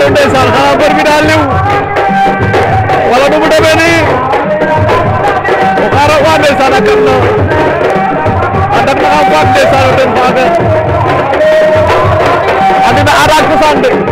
lew ndeysaan xanaa mbër bi daa lew wala nu mu demee nii o xaara waa ndeysaan a kam na andak na am faak ndeysaan o ten faaga andina aada ak cosaan de